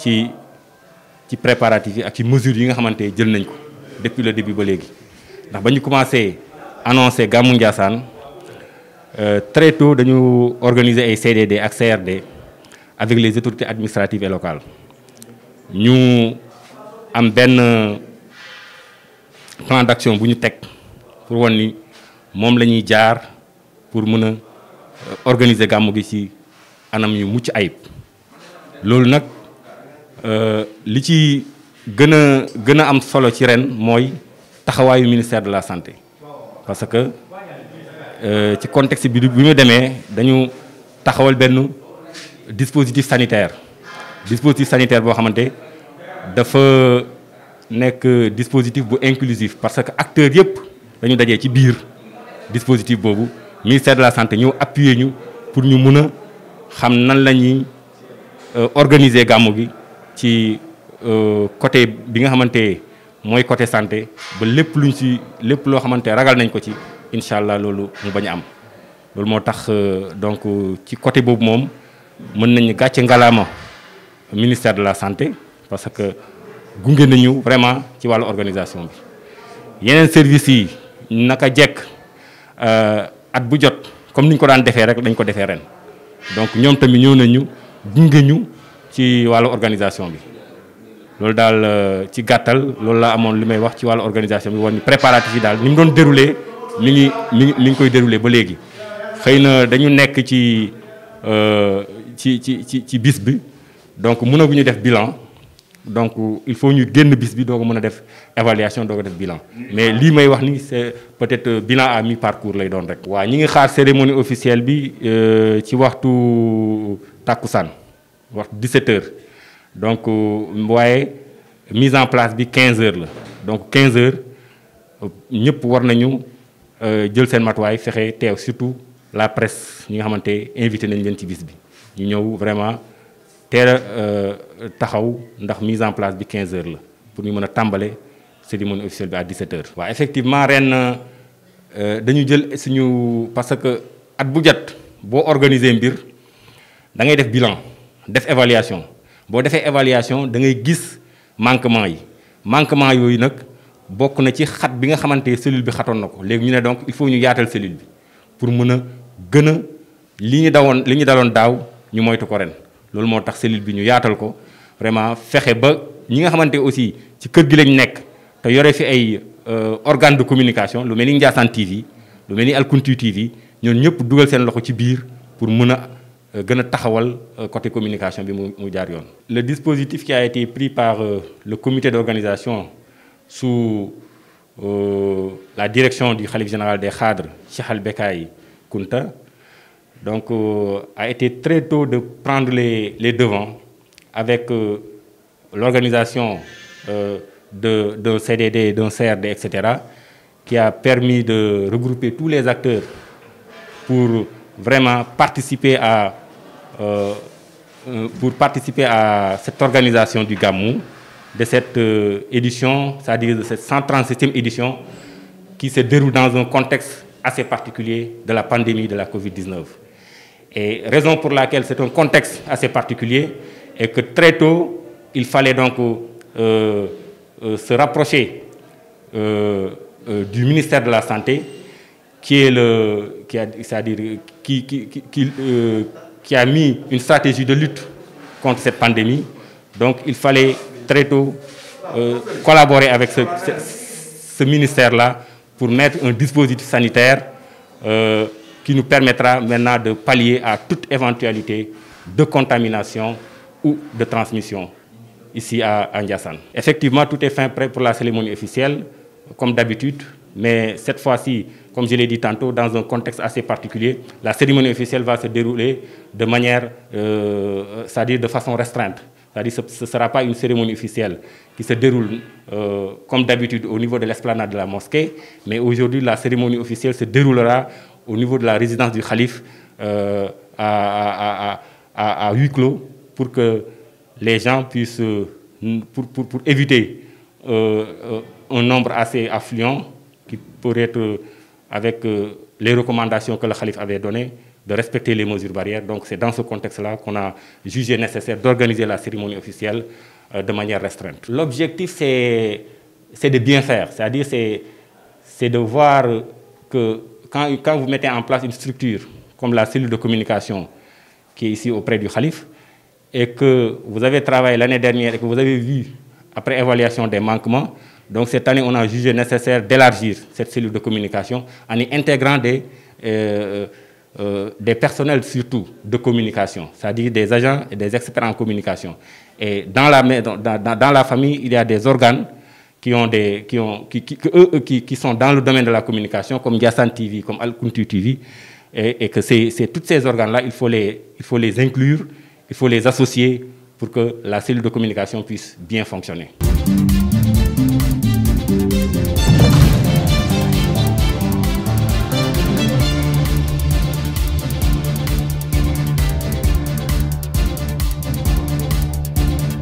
ci ci préparatifs ak depuis le début de légui ndax avons commencé annoncer euh, très tôt dañu organiser ay CDD ak CRD avec les autorités administratives et locales Nous am un plan d'action bu pour ni pour nous euh, organiser nous gi ci anam Euh, li ci gën a gën a am solo ci ren mooy taxawaayu ministère de la santé parce que euh, ci contexte bi bu ñu demee dañu taxawal benn dispositif sanitaire dispositif sanitaire boo xamante dafa nekk dispositif bu inclusif parce que acteur yëpp dañu dajee ci biir dispositif boobu ministère de la santé ñëw appuyer ñu pour ñu mun a xam nan la ñuy euh, organiser gàmmu bi ci euh, côté bi nga xamante mooy côté santé ba lépp lu luñ ci lépp loo xamante ragal nañ ko ci incha allah loolu mu bañ am loolu moo tax euh, donc ci côté boobu moom mën nañu gàcce ngalaama ministère de la santé parce que gunge nañu vraiment ci wàllu organisation bi yeneen service yi naka jekk euh, at bu jot comme ni ñu ko daan defee rek dañ ko defee ren donc ñoom tamit ñëw nañu gunge ñu. ci wàllu organisation bi lolou dal euh, ci gàttal lolou la amone limay wax ci wàllu organisation bi woon ni préparatifs dal daal ni doon déroulé mi ngi mi ngi koy déroulé ba légui xeyna dañu nek ci euh ci ci ci bis bi donc ñu def bilan donc il faut ñu génn bis bi doo mëna def évaluation doo def bilan mais lii may wax ni c'est peut-être euh, bilan à mi parcours lay doon rek. wa ñi ngi xaar cérémonie officielle bi euh, ci waxtu takusan 17 heures donc euh, waaye mise en place bi 15 heures donc 15 heures nous war nous euh, jël seen matuwaay fexe surtout la presse nous avons invité nañ gens ci la bi Nous avons vraiment mis euh, taxaw mise en place bi 15 heures pour nous mën a cérémonie officielle à 17 heures. effectivement euh, dañu jël suñu parce que at bu vous organisez organiser mbir da ngay def bilan def évaluation bo défé évaluation da ngay gis manquement yi manquement yoyu nak bokk na ci xat bi nga xamanté cellule bi xatoon nako légui ñu né donc il faut ñu yaatal cellule bi pour mëna gëna gën a li ñu dawoon li ñu daloon daaw ñu moytu ko ren loolu moo tax cellule bi ñu yaatal ko vraiment fexé ba ñi nga xamanté aussi ci kër gi lañ nekk te yoré fi ay euh, organe de communication lu melni ni TV lu melni ni Alkuntu TV ñoom ñëpp duggal seen loxo ci biir pour mëna euh, euh, côté communication le dispositif qui a été pris par euh, le comité d'organisation sous la direction du Khalif général des cadres Cheikh Al kunta donc a été très tôt de prendre les les devants avec l'organisation de d'un CDD d'un CRD etc qui a permis de regrouper tous les acteurs pour vraiment participer à euh, euh, pour participer à cette organisation du GAMU, de cette euh, édition, c'est-à-dire de cette 136 e édition, qui se déroule dans un contexte assez particulier de la pandémie de la Covid-19. Et raison pour laquelle c'est un contexte assez particulier est que très tôt, il fallait donc se rapprocher du ministère de la Santé, qui est le, qui, -à -dire, qui qui a mis une stratégie de lutte contre cette pandémie. Donc il fallait très tôt euh, collaborer avec ce, ministère-là pour mettre un dispositif sanitaire euh, qui nous permettra maintenant de pallier à toute éventualité de contamination ou de transmission ici à Ndiassan. Effectivement, tout est fin prêt pour la cérémonie officielle comme d'habitude, mais cette fois-ci, comme je l'ai dit tantôt, dans un contexte assez particulier, la cérémonie officielle va se dérouler de manière, euh, c'est-à-dire de façon restreinte. C'est-à-dire ce ne sera pas une cérémonie officielle qui se déroule euh, comme d'habitude au niveau de l'esplanade de la mosquée, mais aujourd'hui la cérémonie officielle se déroulera au niveau de la résidence du calife euh, à, huis clos pour que les gens puissent, pour éviter euh, un nombre assez affluent qui pourrait être avec euh, les recommandations que le Khalif avait données, de respecter les mesures barrières. Donc c'est dans ce contexte-là qu'on a jugé nécessaire d'organiser la cérémonie officielle euh, de manière restreinte. L'objectif, c'est de bien faire, c'est-à-dire c'est de voir que quand, quand, vous mettez en place une structure comme la cellule de communication qui est ici auprès du calife, et que vous avez travaillé l'année dernière et que vous avez vu après évaluation des manquements. Donc cette année, on a jugé nécessaire d'élargir cette cellule de communication en y intégrant des, euh, euh, euh, des personnels surtout de communication, c'est-à-dire des agents et des experts en communication. Et dans la, dans, la famille, il y a des organes qui, ont des, qui, ont, qui, qui, qui, sont dans le domaine de la communication, comme Yassan TV, comme al Kuntu TV, et, que c'est tous ces organes-là, il, il faut les inclure, il faut les associer pour que la cellule de communication puisse bien fonctionner.